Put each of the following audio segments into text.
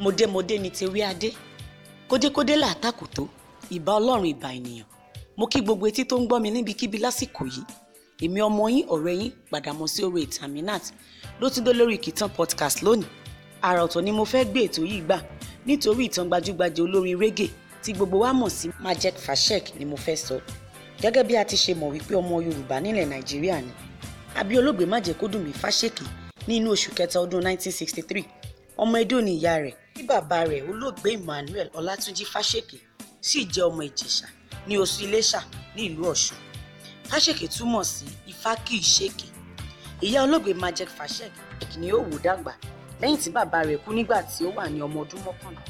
mòdémòdé ni tewé adé kódékódé làtàkù tó ìbá ọlọ́run ìbà ènìyàn mo kí gbogbo etí tó ń gbọ́ mi níbikíbi lásìkò yìí èmi ọmọ yín ọ̀rẹ́ yín Gbàdámọ̀ sí oore Ìtàmínàt ló tún dé lórí Ìkìtàn podcast lónìí àrà ọ̀tọ̀ ni mo fẹ́ gbé ètò yìí gbà nítorí ìtàn gbajúgbajà olórin reggae tí gbogbo wa mọ̀ sí Majek Fashek ni mo fẹ́ sọ gẹ́gẹ́ bí a ti ṣe mọ̀ wípé ọmọ Yorùbá nílẹ̀ Nàìjíríà ni àbí olóògbé Májẹ̀kódùnmí Fáṣẹ́kì ní inú oṣù kẹta ọdún 1963 ọmọ Ẹdó ni ìyá rẹ̀ tí bàbá rẹ̀ olóògbé emmanuel ọlátúnjí fásèké sì jẹ́ ọmọ ìjẹ̀ṣà ní oṣù iléṣà ní ìlú ọ̀ṣun fásèké túmọ̀ sí ifá kì í ṣèké ìyá olóògbé magic fásèké ni ó wò dàgbà lẹ́yìn tí bàbá rẹ̀ kú nígbà tí ó wà ní ọmọ ọdún mọ́kànlá.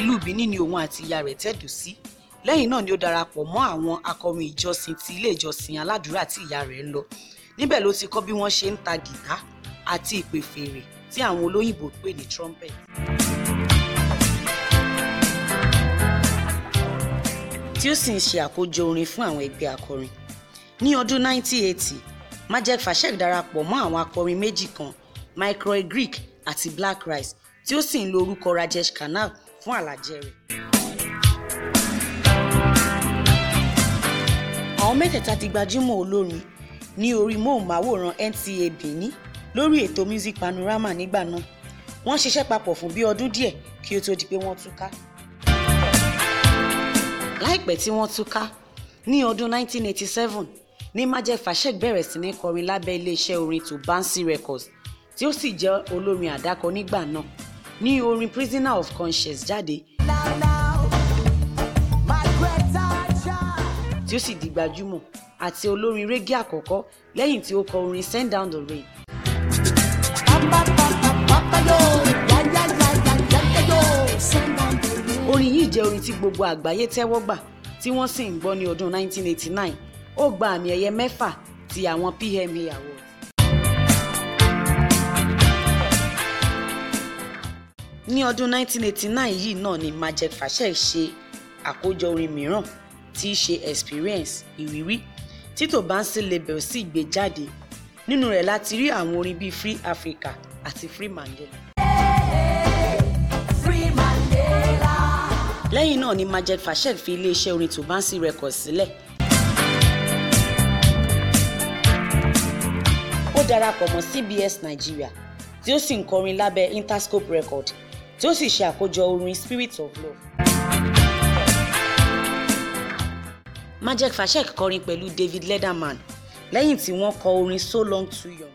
ìlú benin ni òun àti ìyá rẹ̀ tẹ̀dó sí lẹ́yìn náà ni ó darapọ̀ mọ́ àwọn akọrin ìjọsìn ti ilé ìjọsìn aládùúrà tí ìyá rẹ̀ ń lọ níbẹ̀ ló ti kọ́ bí wọ́n ṣe ń ta gìtá àti ìpè fèrè tí àwọn olóyìnbó pè ní trumpet. tí ó sì ń ṣe àkójọ orin fún àwọn ẹgbẹ́ akọrin. ní ọdún 1980 Majek Fashek darapọ̀ mọ́ àwọn akọrin méjì kan Microy Greek àti Black Rice tí ó sì ń lo orúkọ Rajesh Khanna fún àlàjẹ rẹ̀. àwọn mẹ́tẹ̀ẹ̀ta ti gbajúmọ̀ olórin ní orí móhùnmáwòrán NTA Benin lórí ètò music panorama nígbà náà wọ́n ṣiṣẹ́ papọ̀ fún bí ọdún díẹ̀ kí ó tó di pé wọ́n túká. láìpẹ́ tí wọ́n túká ní ọdún 1987 ní Majek Fashek bẹ̀rẹ̀ sí ní kọrin lábẹ́ iléeṣẹ́ orin tó Bansi Records tí ó sì jẹ́ olórin àdákọ nígbà náà ní orin prisoner of conscience jáde tí ó sì di gbajúmọ̀ àti olórin régé àkọ́kọ́ lẹ́yìn tí ó kọ orin send down the rain orin yìí jẹ́ orin tí gbogbo àgbáyé tẹ́wọ́ gbà tí wọ́n sì ń gbọ́ ní ọdún 1989 ó gba àmì ẹ̀yẹ mẹ́fà ti àwọn PMA Awards. ní ọdún 1989 yìí náà ni magic Fashek ṣe àkójọ orin mìíràn tí í ṣe experience ìrírí tí Tobansi label sì gbé jáde nínú rẹ̀ láti rí àwọn orin bíi Free Africa àti Free Mandela. lẹ́yìn náà ni Majed Fashel fi iléeṣẹ́ orin Tubansi Records sílẹ̀. ó darapọ̀ mọ́ CBS Nigeria tí ó sì ń kọrin lábẹ́ Interscope Record tí ó sì ṣe àkójọ orin Spirit of Love. Majed Fashel kọrin pẹ̀lú David Letterman lẹ́yìn tí wọ́n kọ orin so long to you.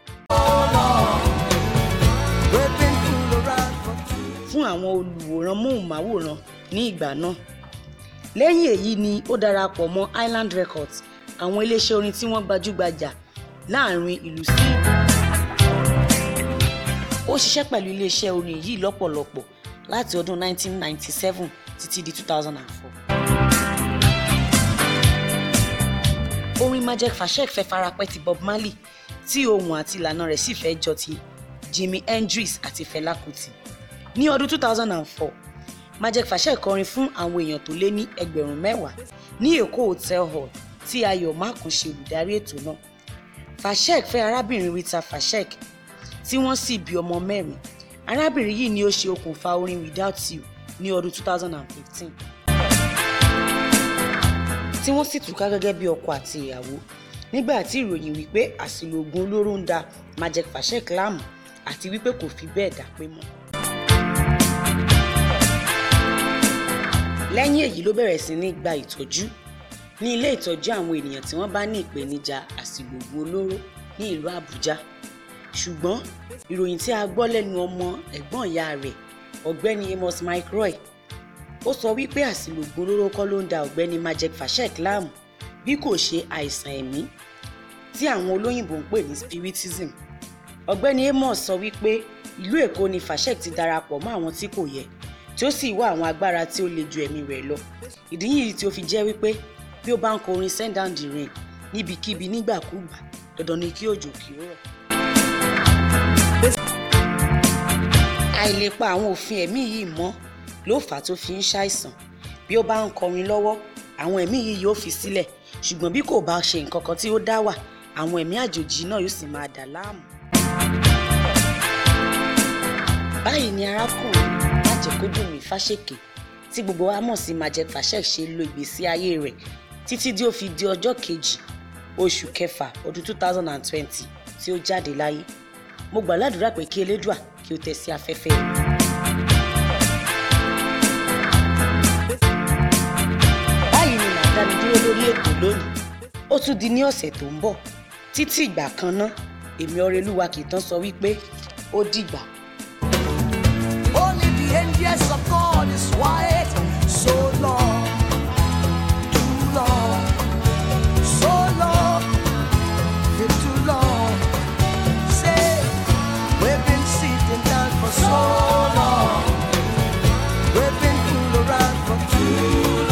fún àwọn olùwòran móhùnmáwòrán ní ìgbà náà lẹ́yìn èyí ni ó darapọ̀ mọ́ Island Records àwọn iléeṣẹ́ orin tí wọ́n gbajúgbajà láàrin ìlú sí ìlú. ó ṣiṣẹ́ pẹ̀lú iléeṣẹ́ orin yìí lọ́pọ̀lọpọ̀ láti ọdún 1997 títí di 2004. orin majek fashek fẹ́ farapẹ́ ti bob marley tí ohùn àti ìlànà rẹ̀ sì fẹ́ jọ ti jimi hendrix àti fela kuti ní ọdún 2004 majek fashek kọrin fún àwọn èèyàn tó lé ní ẹgbẹ̀rún mẹ́wàá ní èkó hotel hall tí ayọ̀ mákùn ṣe olùdarí ètò náà fashek fẹ́ arábìnrin rita fashek tí wọ́n sì bí ọmọ mẹ́rin arábìnrin yìí ni ó ṣe okùnfà orin without you ní ọdún 2015 tí wọ́n sì túká gẹ́gẹ́ bí ọkọ àti ìyàwó nígbà tí ìròyìn wípé àsìlò oògùn olóró ń da Majek Fashek láàmú àti wípé kò fi bẹ́ẹ̀ dápé mọ́. lẹ́yìn èyí ló bẹ̀rẹ̀ sí ní gba ìtọ́jú ní ilé ìtọ́jú àwọn ènìyàn tí wọ́n bá ní ìpèníjà àsìlò oògùn olóró ní ìlú Àbújá ṣùgbọ́n ìròyìn tí a gbọ́ lẹ́nu ọmọ ẹ̀gbọ́n ìyá rẹ̀ ọ̀gbẹ́ni Amos Mike Roy ó sọ wípé àsìlò oògùn olóró kọ́ ló ń da ọ̀gbẹ́ni Majek Fashek láàmú bí kò ṣe àìsàn ẹ̀mí tí àwọn olóyìnbó ń pè ní spiritism ọ̀gbẹ́ni Amos sọ wípé ìlú Èkó ni Fashek ti darapọ̀ mọ́ àwọn tí kò yẹ tí ó sì wá àwọn agbára tí ó le ju ẹ̀mí rẹ̀ lọ ìdí yìí tí ó fi jẹ́ wípé bí ó bá ń kọrin send down the rain níbikíbi nígbàkúgbà dandan ni kí òjò kí ó rọ̀. àìlèpa àwọn òfin ẹ̀mí yìí mọ́ ló fà á tó fi ń ṣàìsàn bí ó bá ń kọrin lọ́wọ́ àwọn ẹ̀mí yìí yóò fi sílẹ̀ ṣùgbọ́n bí kò bá ṣe nǹkan kan tí ó dá wà àwọn ẹ̀mí àjòjì náà yóò sì máa dà láàmú. báyìí ni arákùnrin májèkódùnmí fásèké tí gbogbo wa mọ̀ sí majek ṣe lo ìgbésí ayé rẹ̀ títí tí ó fi di ọjọ́ kejì oṣù kẹfà ọdún 2020 tí ó jáde láyé mo gbàládùra pé kí elédùà kí ó tẹ́ sí afẹ́fẹ́ yìí. ètò lónìí ó tún di ní ọ̀sẹ̀ tó ń bọ̀ títí ìgbà kan náà èmi ọ̀rẹ́lúwa kì í tán sọ wípé ó dìgbà. Only the angels of God is white. so long.